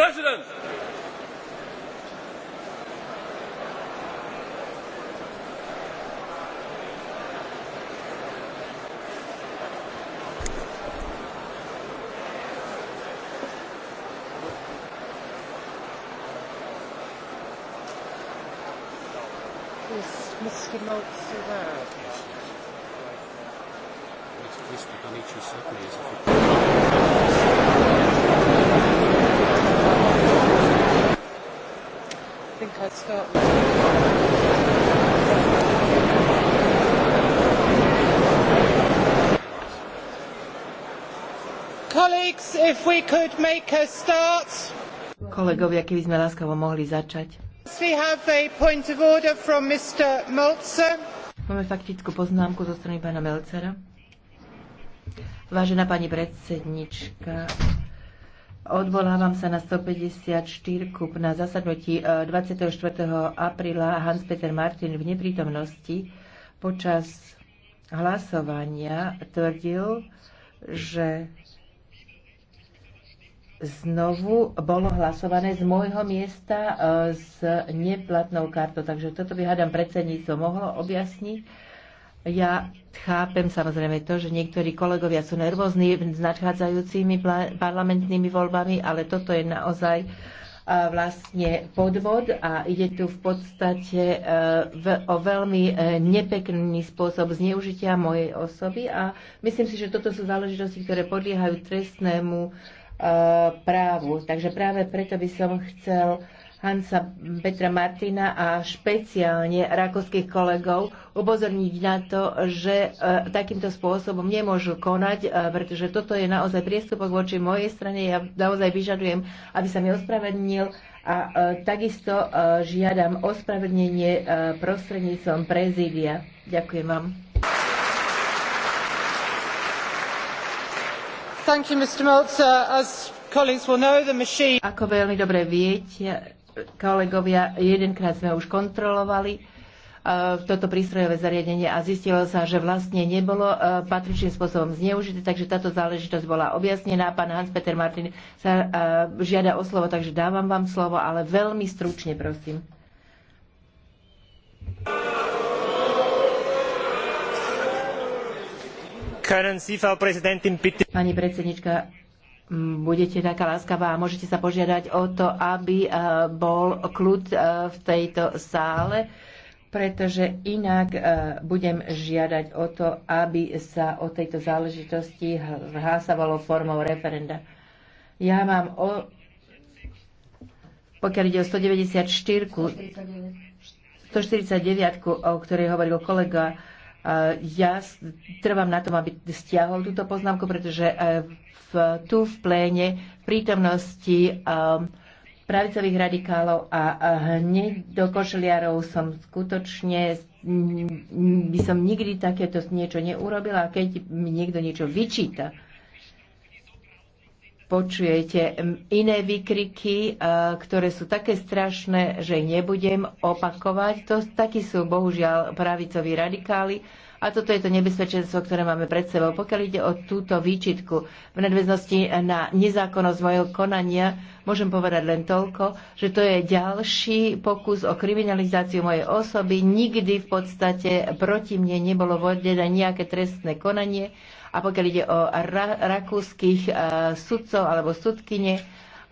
president! if we could make a start. Kolegovia, keby sme láskavo mohli začať. We have a point of order from Mr. Meltzer. Máme faktickú poznámku zo strany pána Melcera. Vážená pani predsednička, Odvolávam sa na 154 kup na zasadnutí 24. E, apríla Hans-Peter Martin v neprítomnosti počas hlasovania tvrdil, že znovu bolo hlasované z môjho miesta e, s neplatnou kartou. Takže toto by hádam predsedníctvo mohlo objasniť. Ja chápem samozrejme to, že niektorí kolegovia sú nervózni s nadchádzajúcimi parlamentnými voľbami, ale toto je naozaj e, vlastne podvod a ide tu v podstate e, o veľmi nepekný spôsob zneužitia mojej osoby a myslím si, že toto sú záležitosti, ktoré podliehajú trestnému Eh, právu. Takže práve preto by som chcel Hansa Petra Martina a špeciálne rakovských kolegov upozorniť na to, že eh, takýmto spôsobom nemôžu konať, eh, pretože toto je naozaj priestupok voči mojej strane. Ja naozaj vyžadujem, aby sa mi ospravedlnil a takisto žiadam ospravedlnenie prostredníctvom prezídia. Ďakujem vám. Ako veľmi dobre viete, kolegovia, jedenkrát sme už kontrolovali uh, toto prístrojové zariadenie a zistilo sa, že vlastne nebolo uh, patričným spôsobom zneužité, takže táto záležitosť bola objasnená. Pán Hans-Peter Martin sa uh, žiada o slovo, takže dávam vám slovo, ale veľmi stručne, prosím. Pani predsednička, budete taká láskavá a môžete sa požiadať o to, aby e, bol kľud e, v tejto sále, pretože inak e, budem žiadať o to, aby sa o tejto záležitosti hlasovalo formou referenda. Ja mám o... Pokiaľ ide o 194, 149, o ktorej hovoril kolega, Eh, ja trvám na tom, aby stiahol túto poznámku, pretože eh, v, tu v pléne v prítomnosti ehm, pravicových radikálov a hneď do košeliarov som skutočne by som nikdy takéto niečo neurobila a keď mi niekto niečo vyčíta, počujete iné výkriky, e, ktoré sú také strašné, že nebudem opakovať. To, takí sú bohužiaľ pravicoví radikáli a toto je to nebezpečenstvo, ktoré máme pred sebou. Pokiaľ ide o túto výčitku v nadväznosti na nezákonnosť mojho konania, môžem povedať len toľko, že to je ďalší pokus o kriminalizáciu mojej osoby. Nikdy v podstate proti mne nebolo vodené nejaké trestné konanie a pokiaľ ide o ra- rakúskych e, sudcov alebo sudkyne,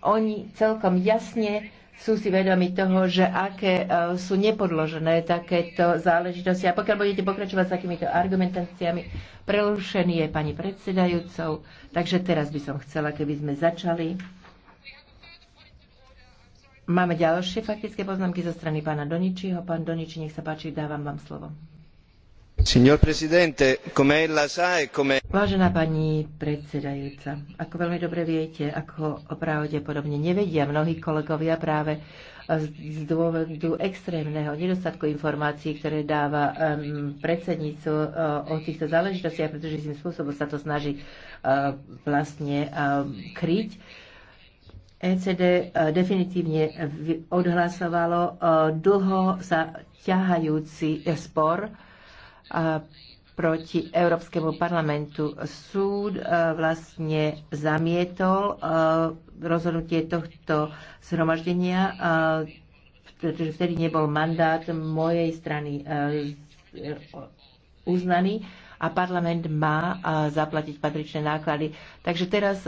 oni celkom jasne sú si vedomi toho, že aké e, sú nepodložené takéto záležitosti. A pokiaľ budete pokračovať s takýmito argumentáciami, prerušený je pani predsedajúcou. Takže teraz by som chcela, keby sme začali. Máme ďalšie faktické poznámky zo strany pána Doničiho. Pán Doniči, nech sa páči, dávam vám slovo. E Vážená pani predsedajúca, ako veľmi dobre viete, ako pravdepodobne nevedia mnohí kolegovia práve z dôvodu extrémneho nedostatku informácií, ktoré dáva predsedníctvo eh, o týchto záležitostiach, pretože tým spôsobom sa to snaží eh, vlastne eh, kryť. ECD definitívne odhlasovalo dlho sa ťahajúci spor proti Európskemu parlamentu. Súd e, vlastne zamietol e, rozhodnutie tohto zhromaždenia, e, pretože vtedy nebol mandát mojej strany uznaný a parlament má zaplatiť patričné náklady. Takže teraz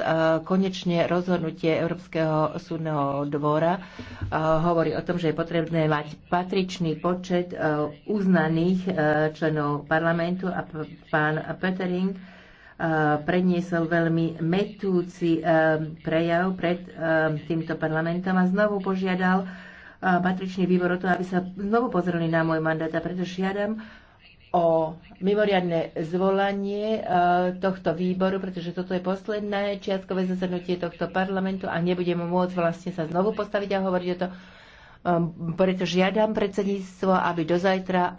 konečne rozhodnutie Európskeho súdneho dvora hovorí o tom, že je potrebné mať patričný počet uznaných členov parlamentu a pán Petering predniesol veľmi metúci prejav pred týmto parlamentom a znovu požiadal patričný výbor o to, aby sa znovu pozreli na môj mandát a preto žiadam o mimoriadne zvolanie e, tohto výboru, pretože toto je posledné čiastkové zasadnutie tohto parlamentu a nebudeme môcť vlastne sa znovu postaviť a hovoriť o to. Um, Preto žiadam predsedníctvo, aby dozajtra e,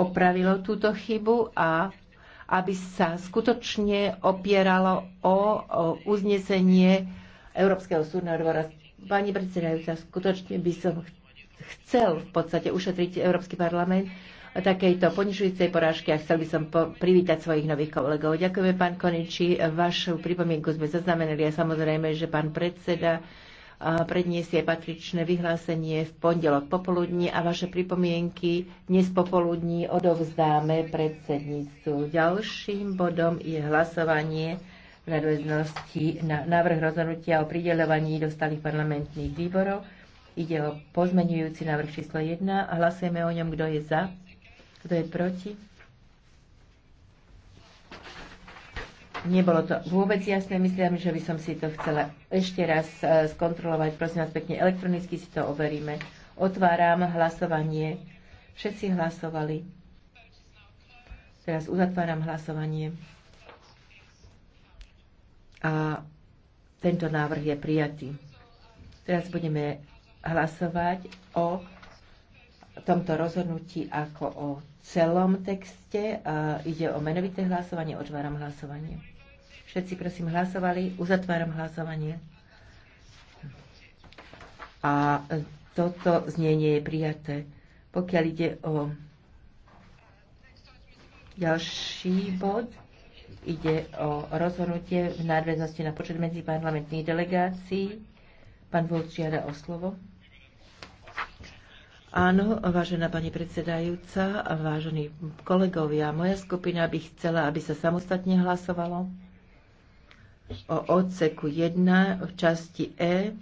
opravilo túto chybu a aby sa skutočne opieralo o uznesenie Európskeho súdneho dvora. Pani predsedajúca, skutočne by som chcel v podstate ušetriť Európsky parlament takejto ponižujúcej porážky a chcel by som privítať svojich nových kolegov. Ďakujeme, pán Koniči. Vašu pripomienku sme zaznamenali a samozrejme, že pán predseda predniesie patričné vyhlásenie v pondelok popoludní a vaše pripomienky dnes popoludní odovzdáme predsedníctvu. Ďalším bodom je hlasovanie v nadväznosti na návrh rozhodnutia o prideľovaní do stálych parlamentných výborov. Ide o pozmenujúci návrh číslo 1 a hlasujeme o ňom, kto je za, kto je proti? Nebolo to vôbec jasné, myslím, že by som si to chcela ešte raz e, skontrolovať. Prosím vás pekne, elektronicky si to overíme. Otváram hlasovanie. Všetci hlasovali. Teraz uzatváram hlasovanie. A tento návrh je prijatý. Teraz budeme hlasovať o tomto rozhodnutí ako o celom texte. A ide o menovité hlasovanie. Otváram hlasovanie. Všetci prosím hlasovali. Uzatváram hlasovanie. A toto znenie je prijaté. Pokiaľ ide o ďalší bod, ide o rozhodnutie v nadväznosti na počet medziparlamentných delegácií. Pán Volk žiada o slovo. Áno, vážená pani predsedajúca, vážení kolegovia, moja skupina by chcela, aby sa samostatne hlasovalo o odseku 1 v časti E.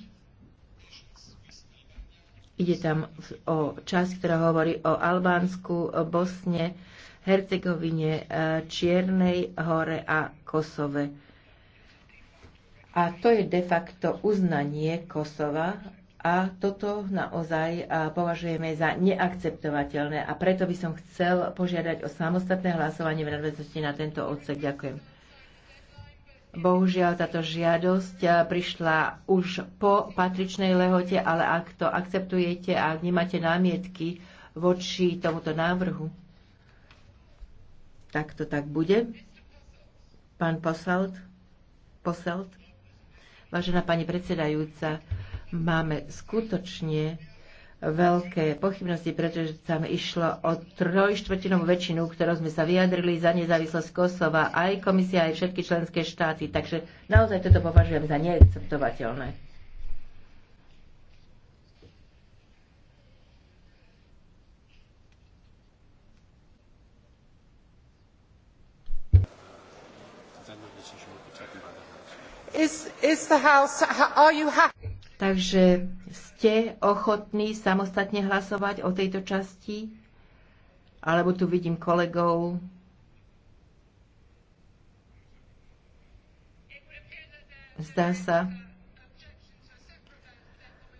Ide tam o časť, ktorá hovorí o Albánsku, Bosne, Hercegovine, e, Čiernej hore a Kosove. A to je de facto uznanie Kosova a toto naozaj považujeme za neakceptovateľné a preto by som chcel požiadať o samostatné hlasovanie v nadväznosti na tento odsek. Ďakujem. Bohužiaľ, táto žiadosť prišla už po patričnej lehote, ale ak to akceptujete a ak nemáte námietky voči tomuto návrhu, tak to tak bude. Pán Poselt, Poselt, vážená pani predsedajúca, máme skutočne veľké pochybnosti, pretože tam išlo o trojštvrtinovú väčšinu, ktorou sme sa vyjadrili za nezávislosť Kosova, aj komisia, aj všetky členské štáty. Takže naozaj toto považujem za neakceptovateľné. Is, is the house, are you happy? Takže ste ochotní samostatne hlasovať o tejto časti? Alebo tu vidím kolegov. Zdá sa,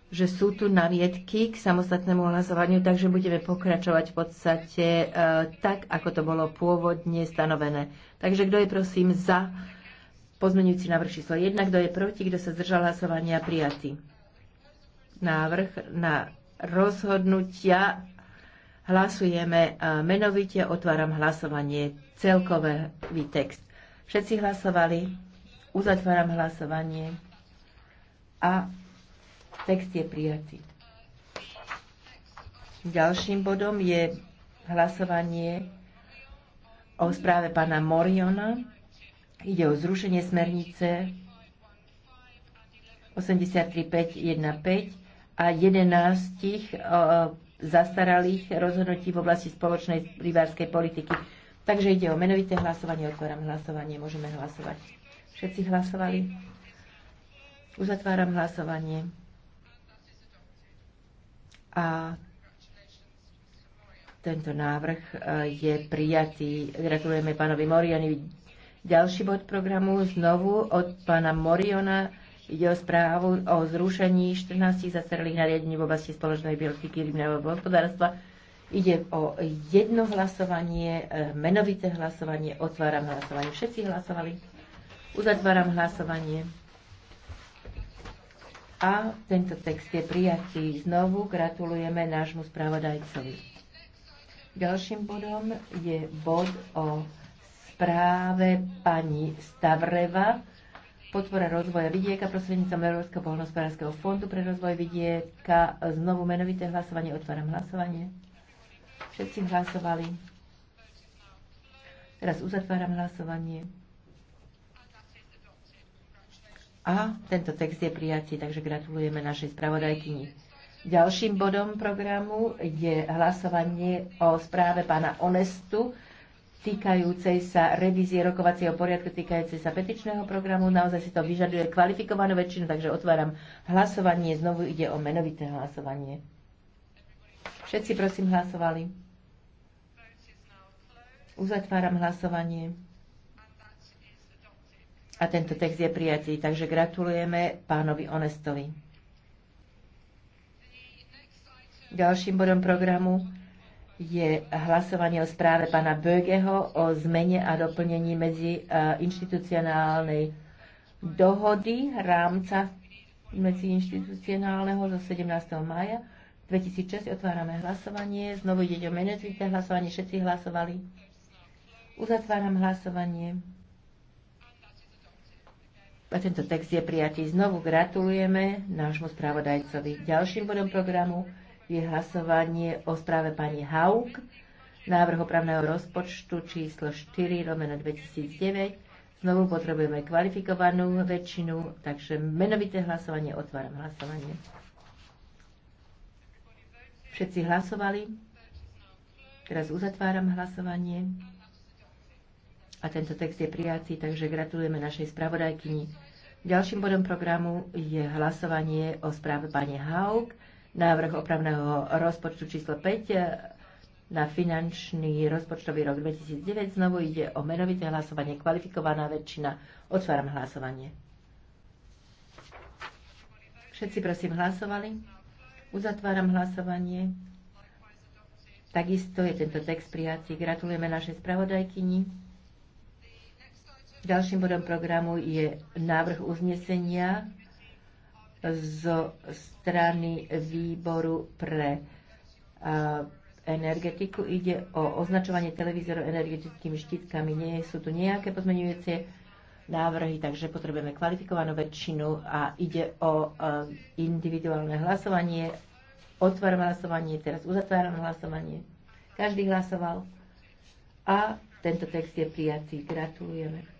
že sú tu namietky k samostatnému hlasovaniu, takže budeme pokračovať v podstate e, tak, ako to bolo pôvodne stanovené. Takže kto je prosím za pozmenujúci návrh číslo 1, kto je proti, kto sa zdržal hlasovania, prijatý návrh na rozhodnutia. Hlasujeme menovite, otváram hlasovanie, celkový text. Všetci hlasovali, uzatváram hlasovanie a text je prijatý. Ďalším bodom je hlasovanie o správe pána Moriona. Ide o zrušenie smernice 83515 a 11 e, zastaralých rozhodnutí v oblasti spoločnej rybárskej politiky. Takže ide o menovité hlasovanie, otváram hlasovanie, môžeme hlasovať. Všetci hlasovali? Uzatváram hlasovanie. A tento návrh e, je prijatý. Gratulujeme pánovi Morianovi. Ďalší bod programu znovu od pána Moriona Ide o správu o zrušení 14 zastaralých nariadení v oblasti spoločnej biologiky rybného hospodárstva. Ide o jedno hlasovanie, e, menovité hlasovanie. Otváram hlasovanie. Všetci hlasovali. Uzatváram hlasovanie. A tento text je prijatý. Znovu gratulujeme nášmu správodajcovi. Ďalším bodom je bod o správe pani Stavreva podpora rozvoja vidieka prostredníctvom Európskeho poľnohospodárskeho fondu pre rozvoj vidieka. Znovu menovité hlasovanie. Otváram hlasovanie. Všetci hlasovali. Teraz uzatváram hlasovanie. A tento text je prijatý, takže gratulujeme našej spravodajkyni. Ďalším bodom programu je hlasovanie o správe pána Onestu týkajúcej sa revízie rokovacieho poriadku, týkajúcej sa petičného programu. Naozaj si to vyžaduje kvalifikovanú väčšinu, takže otváram hlasovanie. Znovu ide o menovité hlasovanie. Všetci prosím hlasovali. Uzatváram hlasovanie. A tento text je prijatý, takže gratulujeme pánovi Onestovi. Ďalším bodom programu je hlasovanie o správe pána Bögeho o zmene a doplnení medzi e, inštitucionálnej dohody rámca medzi inštitucionálneho zo 17. maja 2006. Otvárame hlasovanie. Znovu ide o menovité hlasovanie. Všetci hlasovali. Uzatváram hlasovanie. A tento text je prijatý. Znovu gratulujeme nášmu spravodajcovi. Ďalším bodom programu je hlasovanie o správe pani Haug, návrh opravného rozpočtu číslo 4 lomeno 2009. Znovu potrebujeme kvalifikovanú väčšinu, takže menovité hlasovanie, otváram hlasovanie. Všetci hlasovali. Teraz uzatváram hlasovanie. A tento text je prijatý, takže gratulujeme našej spravodajkyni. Ďalším bodom programu je hlasovanie o správe pani Haug návrh opravného rozpočtu číslo 5 na finančný rozpočtový rok 2009. Znovu ide o menovité hlasovanie, kvalifikovaná väčšina. Otváram hlasovanie. Všetci prosím hlasovali. Uzatváram hlasovanie. Takisto je tento text prijatý. Gratulujeme našej spravodajkyni. Ďalším bodom programu je návrh uznesenia zo strany výboru pre energetiku. Ide o označovanie televízorov energetickými štítkami. Nie sú tu nejaké pozmenujúce návrhy, takže potrebujeme kvalifikovanú väčšinu a ide o individuálne hlasovanie. Otváram hlasovanie, teraz uzatváram hlasovanie. Každý hlasoval a tento text je prijatý. Gratulujeme.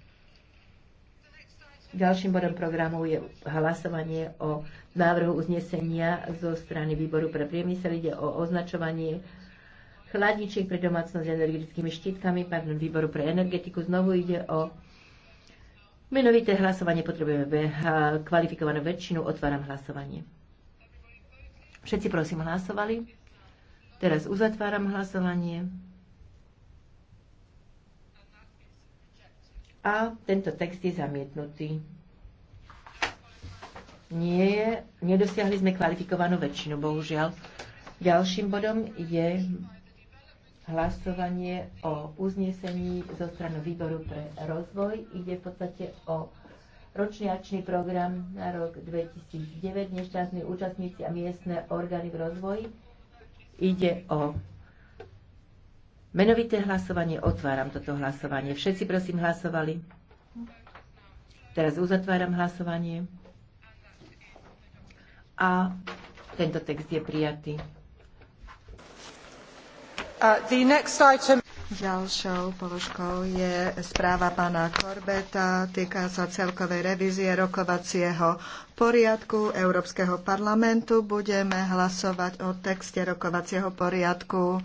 Ďalším bodom programu je hlasovanie o návrhu uznesenia zo strany výboru pre priemysel. Ide o označovanie chladničiek pre domácnosť s energetickými štítkami, pardon, výboru pre energetiku. Znovu ide o menovité hlasovanie. Potrebujeme kvalifikovanú väčšinu. Otváram hlasovanie. Všetci prosím hlasovali. Teraz uzatváram hlasovanie. a tento text je zamietnutý. Nie, nedosiahli sme kvalifikovanú väčšinu, bohužiaľ. Ďalším bodom je hlasovanie o uznesení zo strany výboru pre rozvoj. Ide v podstate o ročný akčný program na rok 2009, nešťastní účastníci a miestne orgány v rozvoji. Ide o Menovité hlasovanie, otváram toto hlasovanie. Všetci prosím hlasovali. Teraz uzatváram hlasovanie. A tento text je prijatý. Uh, the next item... Ďalšou položkou je správa pána Korbeta, týka sa celkovej revízie rokovacieho poriadku Európskeho parlamentu. Budeme hlasovať o texte rokovacieho poriadku.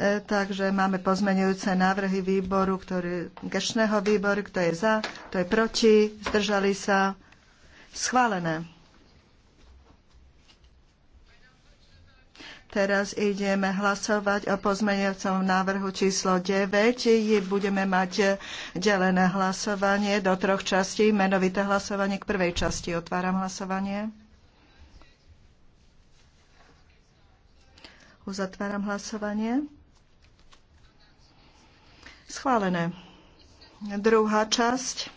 E, takže máme pozmenujúce návrhy výboru, ktorý, gešného výboru, kto je za, kto je proti, zdržali sa. Schválené. Teraz ideme hlasovať o pozmeňujúcom návrhu číslo 9. Budeme mať e, delené hlasovanie do troch častí. Menovité hlasovanie k prvej časti. Otváram hlasovanie. Uzatváram hlasovanie. Schválené. Druhá časť.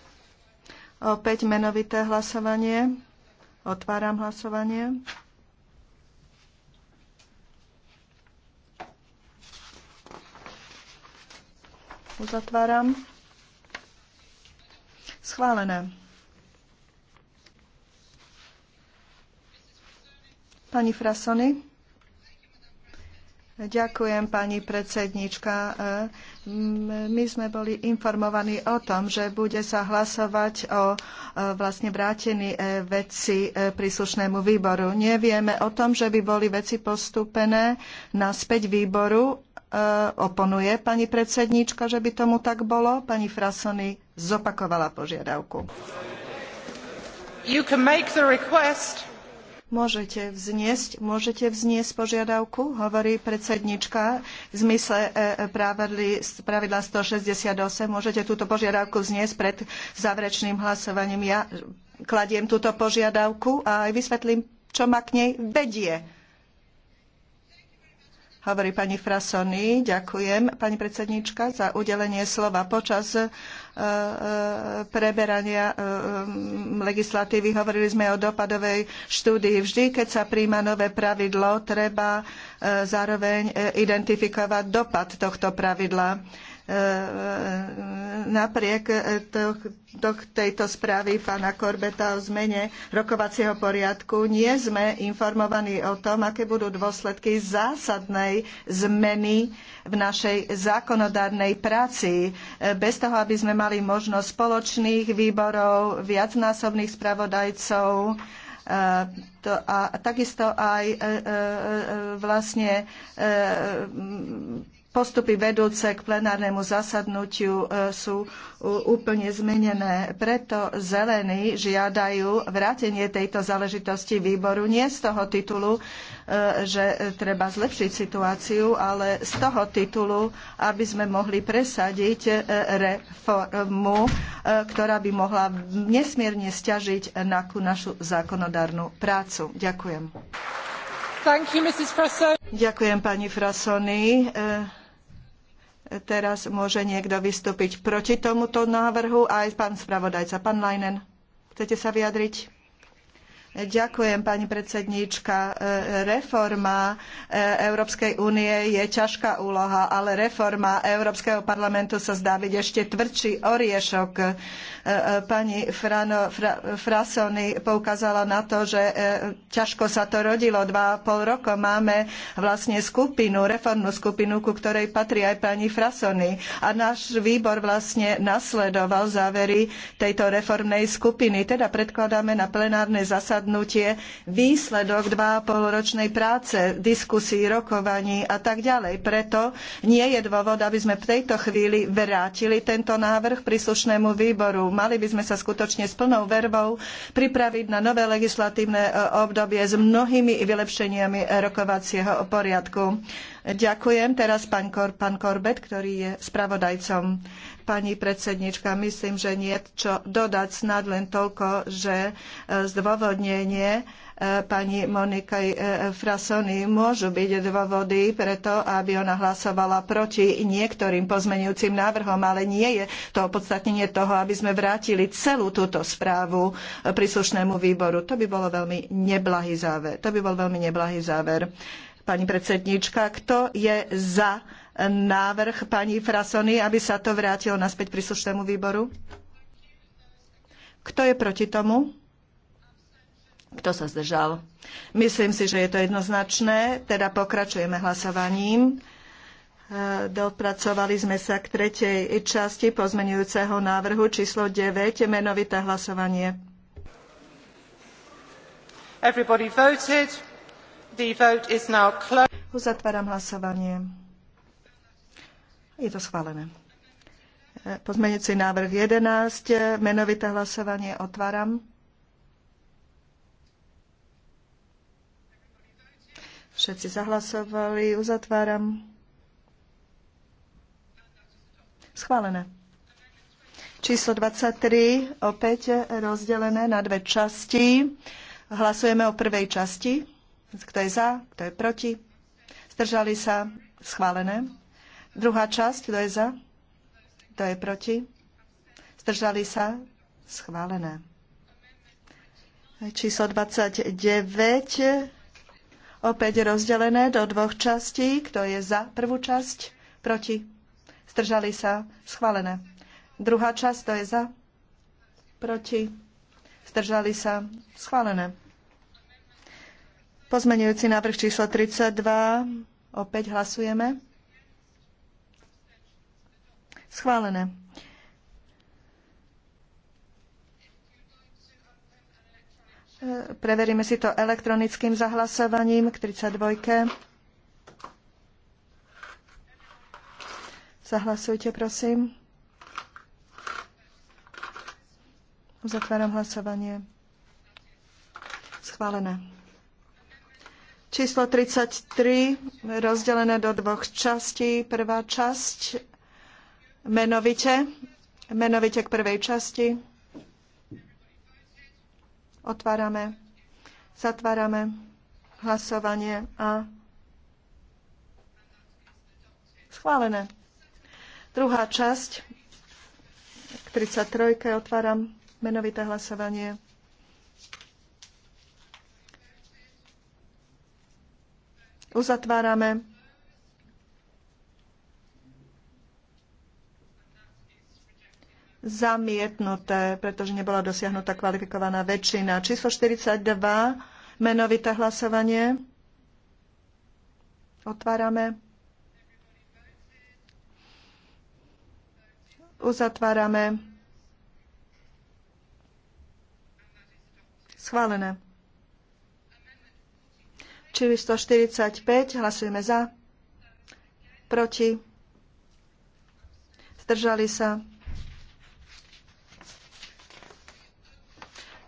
Opäť menovité hlasovanie. Otváram hlasovanie. Uzatváram. Schválené. Pani Frasony. Ďakujem, pani predsednička. My sme boli informovaní o tom, že bude sa hlasovať o e, vlastne vrátení e, veci e, príslušnému výboru. Nevieme o tom, že by boli veci postúpené naspäť výboru. Oponuje pani predsedníčka, že by tomu tak bolo. Pani Frasony zopakovala požiadavku. You can make the request. Môžete vzniesť, môžete vzniesť požiadavku, hovorí predsednička v zmysle e, e, pravidla 168. Môžete túto požiadavku vzniesť pred záverečným hlasovaním. Ja kladiem túto požiadavku a aj vysvetlím, čo ma k nej vedie hovorí pani Frasoni, Ďakujem, pani predsednička, za udelenie slova. Počas e, e, preberania e, legislatívy hovorili sme o dopadovej štúdii. Vždy, keď sa príjma nové pravidlo, treba zároveň identifikovať dopad tohto pravidla napriek e, tejto správy pána Korbeta o zmene rokovacieho poriadku nie sme informovaní o tom, aké budú dôsledky zásadnej zmeny v našej zákonodárnej práci. E, bez toho, aby sme mali možnosť spoločných výborov, viacnásobných spravodajcov, e, to, a takisto aj vlastne postupy vedúce k plenárnemu zasadnutiu e, sú úplne zmenené. Preto zelení žiadajú vrátenie tejto záležitosti výboru nie z toho titulu, e, že treba zlepšiť situáciu, ale z toho titulu, aby sme mohli presadiť e, reformu, ktorá by mohla nesmierne stiažiť našu zákonodárnu prácu. Ďakujem. You, Ďakujem pani Frasoni teraz môže niekto vystúpiť proti tomuto návrhu. Aj pán spravodajca, pán Leinen, chcete sa vyjadriť? Ďakujem, pani predsedníčka. E, e, reforma e, Európskej únie je ťažká úloha, ale reforma Európskeho parlamentu sa zdá byť ešte tvrdší oriešok. Pani Frano, Fra, Frasoni poukázala na to, že ťažko sa to rodilo. Dva a pol roka máme vlastne skupinu, reformnú skupinu, ku ktorej patrí aj pani Frasoni. A náš výbor vlastne nasledoval závery tejto reformnej skupiny. Teda predkladáme na plenárne zasadnutie zasadnutie, výsledok 2,5 ročnej práce, diskusí, rokovaní a tak ďalej. Preto nie je dôvod, aby sme v tejto chvíli vrátili tento návrh príslušnému výboru. Mali by sme sa skutočne s plnou verbou pripraviť na nové legislatívne e, obdobie s mnohými vylepšeniami rokovacieho poriadku. Ďakujem teraz pán, Kor, pán Korbet, ktorý je spravodajcom. Pani predsednička, myslím, že nie čo dodať snad len toľko, že e, zdôvodnenie e, pani Moniky e, Frasony môžu byť dôvody preto, aby ona hlasovala proti niektorým pozmenujúcim návrhom, ale nie je to opodstatnenie toho, aby sme vrátili celú túto správu príslušnému výboru. To by bolo veľmi neblahý záver. To by bol veľmi neblahý záver. Pani predsedníčka, kto je za návrh pani Frasony, aby sa to vrátilo naspäť príslušnému výboru? Kto je proti tomu? Kto sa zdržal? Myslím si, že je to jednoznačné, teda pokračujeme hlasovaním. E, dopracovali sme sa k tretej časti pozmenujúceho návrhu číslo 9, menovité hlasovanie. Uzatváram hlasovanie. Je to schválené. Pozmeňujúci návrh 11, menovité hlasovanie otváram. Všetci zahlasovali, uzatváram. Schválené. Číslo 23, opäť rozdelené na dve časti. Hlasujeme o prvej časti. Kto je za, kto je proti? Zdržali sa? Schválené Druhá časť, kto je za? Kto je proti? Zdržali sa? Schválené. Číslo 29, opäť rozdelené do dvoch častí. Kto je za prvú časť? Proti? Zdržali sa? Schválené. Druhá časť, kto je za? Proti? Zdržali sa? Schválené. Pozmenujúci návrh číslo 32, opäť hlasujeme. Schválené. Preveríme si to elektronickým zahlasovaním k 32. Zahlasujte, prosím. Uzatváram hlasovanie. Schválené. Číslo 33, rozdelené do dvoch častí. Prvá časť menovite, menovite k prvej časti. Otvárame, zatvárame hlasovanie a schválené. Druhá časť, k 33. otváram menovité hlasovanie. Uzatvárame zamietnuté, pretože nebola dosiahnutá kvalifikovaná väčšina. Číslo 42, menovité hlasovanie. Otvárame. Uzatvárame. Schválené. Čili 145, hlasujeme za, proti, zdržali sa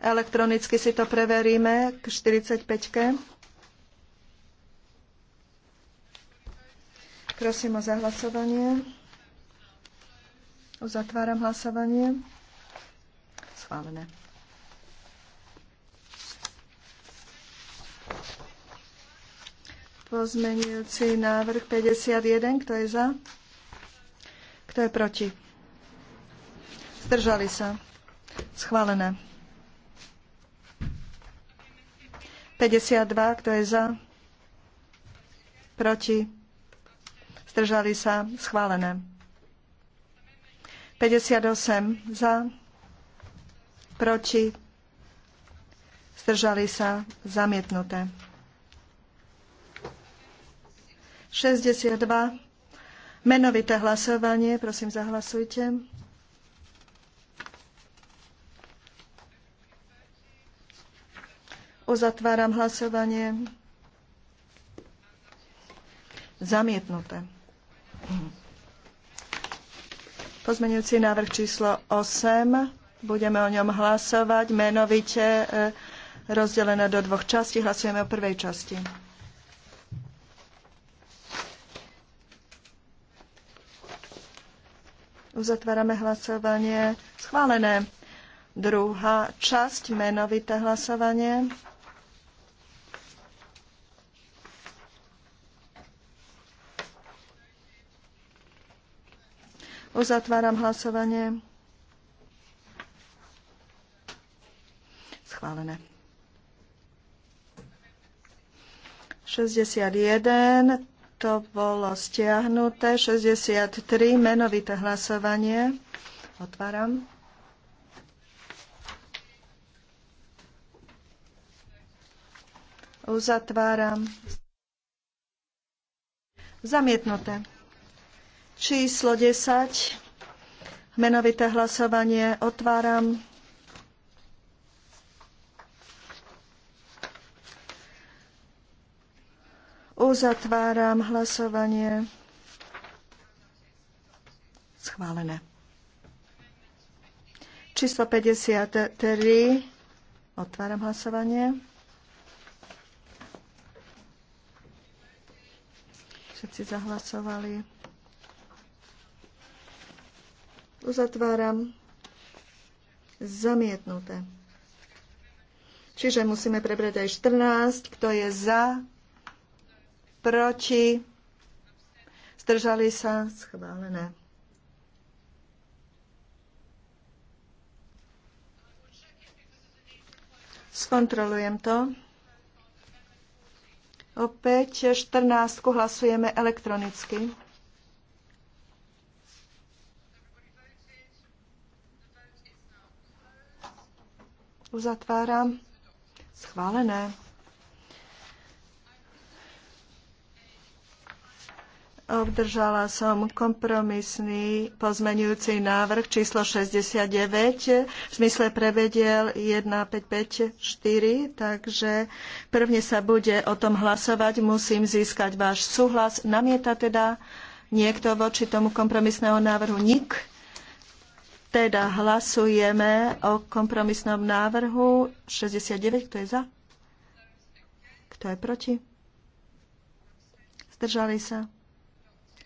Elektronicky si to preveríme k 45. -ke. Prosím o zahlasovanie. Uzatváram hlasovanie. Schválené. Pozmenujúci návrh 51. Kto je za? Kto je proti? Zdržali sa. Schválené. 52, kto je za? Proti? Zdržali sa? Schválené. 58 za? Proti? Zdržali sa? Zamietnuté. 62. Menovité hlasovanie. Prosím, zahlasujte. Uzatváram hlasovanie. Zamietnuté. Pozmenujúci návrh číslo 8. Budeme o ňom hlasovať menovite e, rozdelené do dvoch častí. Hlasujeme o prvej časti. Uzatvárame hlasovanie. Schválené. Druhá časť, menovité hlasovanie. Uzatváram hlasovanie. Schválené. 61, to bolo stiahnuté. 63, menovité hlasovanie. Otváram. Uzatváram. Zamietnuté. Číslo 10. Menovité hlasovanie. Otváram. Uzatváram hlasovanie. Schválené. Číslo 53. Otváram hlasovanie. Všetci zahlasovali. Uzatváram. Zamietnuté. Čiže musíme prebrať aj 14, kto je za, proti, zdržali sa, schválené. Skontrolujem to. Opäť 14 hlasujeme elektronicky. Uzatváram. Schválené. Obdržala som kompromisný pozmenujúci návrh číslo 69 v zmysle prevediel 1554, takže prvne sa bude o tom hlasovať. Musím získať váš súhlas. Namieta teda niekto voči tomu kompromisného návrhu? Nik? Teda hlasujeme o kompromisnom návrhu 69. Kto je za? Kto je proti? Zdržali sa?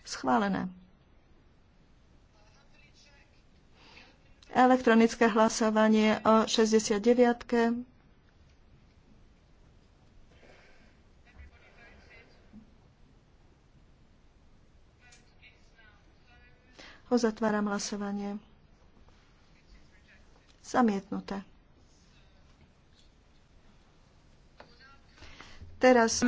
Schválené. Elektronické hlasovanie o 69. Ozatváram Uzatváram hlasovanie. Zamietnuté. Teraz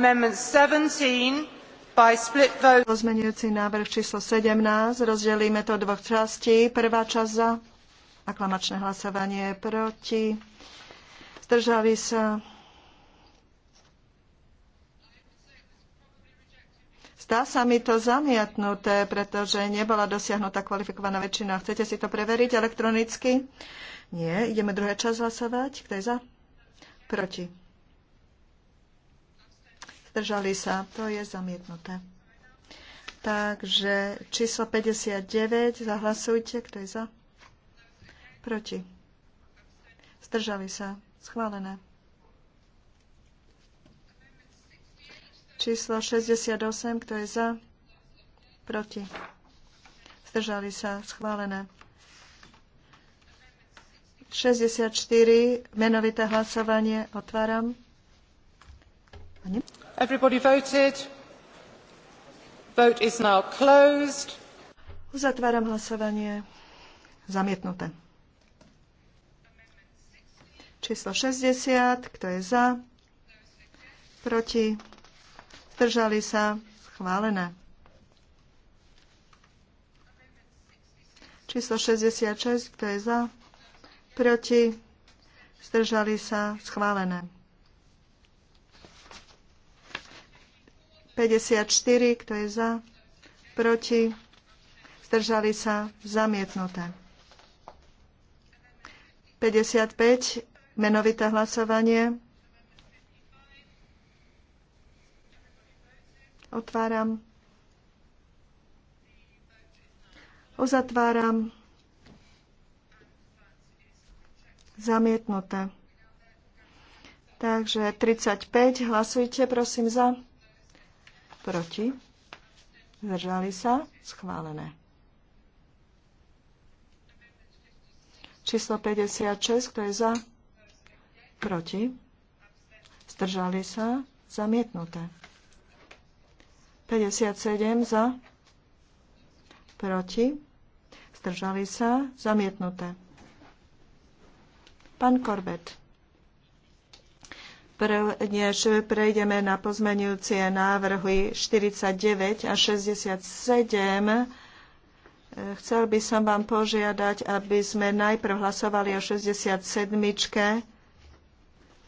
pozmenujúci návrh číslo 17. Rozdelíme to dvoch častí. Prvá časť za aklamačné hlasovanie proti. Zdržali sa. Zdá sa mi to zamietnuté, pretože nebola dosiahnutá kvalifikovaná väčšina. Chcete si to preveriť elektronicky? Nie. Ideme druhé čas hlasovať. Kto je za? Proti. Zdržali sa. To je zamietnuté. Takže číslo 59. Zahlasujte. Kto je za? Proti. Zdržali sa. Schválené. Číslo 68. Kto je za? Proti. Zdržali sa. Schválené. 64, menovité hlasovanie, otváram. Everybody voted. Vote is now closed. Uzatváram hlasovanie. Zamietnuté. Číslo 60, kto je za? Proti? Zdržali sa? Schválené. Číslo 66, kto je za? proti, zdržali sa, schválené. 54, kto je za, proti, zdržali sa, zamietnuté. 55, menovité hlasovanie. Otváram. Uzatváram. Zamietnuté. Takže 35. Hlasujte, prosím, za. Proti. Zdržali sa. Schválené. Číslo 56. Kto je za? Proti. Zdržali sa. Zamietnuté. 57 za. Proti. Zdržali sa. Zamietnuté. Pán Korbet. než prejdeme na pozmenujúcie návrhy 49 a 67, eh, Chcel by som vám požiadať, aby sme najprv hlasovali o 67.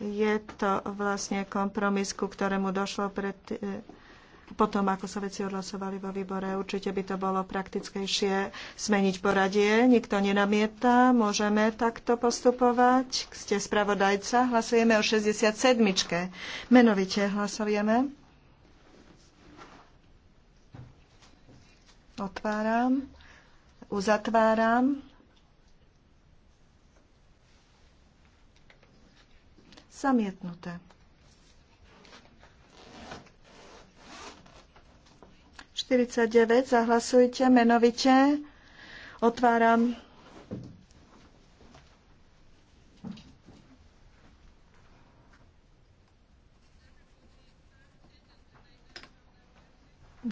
Je to vlastne kompromis, ku ktorému došlo pred eh, potom, ako sa veci odhlasovali vo výbore. Určite by to bolo praktickejšie zmeniť poradie. Nikto nenamieta, môžeme takto postupovať. Ste spravodajca, hlasujeme o 67. Menovite hlasujeme. Otváram, uzatváram. Zamietnuté. 49. Zahlasujte menovite. Otváram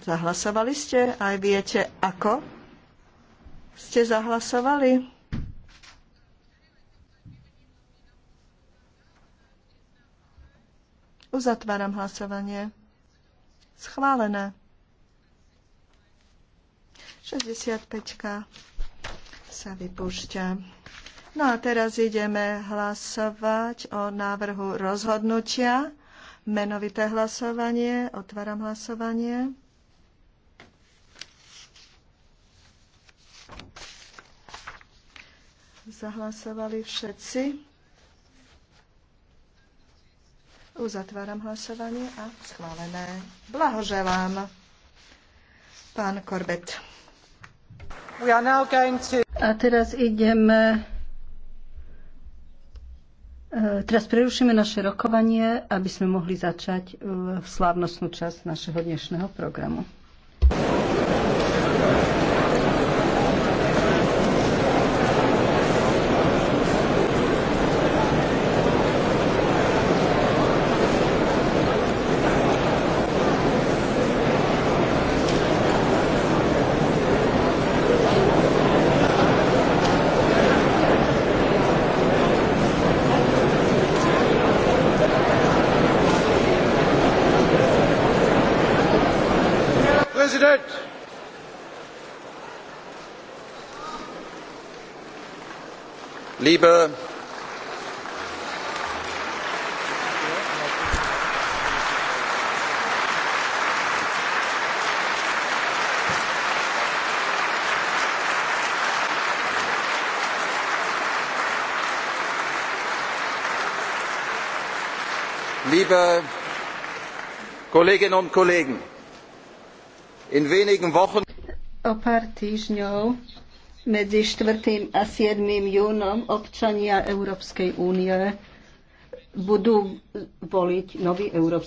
Zahlasovali ste? Aj viete, ako ste zahlasovali? Uzatváram hlasovanie. Schválené. 65 sa vypúšťa. No a teraz ideme hlasovať o návrhu rozhodnutia. Menovité hlasovanie. Otváram hlasovanie. Zahlasovali všetci. Uzatváram hlasovanie a schválené. Blahoželám, pán Korbet. A teraz ideme e, Teraz prerušíme naše rokovanie, aby sme mohli začať e, slávnostnú časť našeho dnešného programu. President. Liebe Liebe Kolleginnen und Kollegen! In wenigen Wochen o pár týždňov medzi 4. a 7. júnom občania Európskej únie budú voliť nový Európsky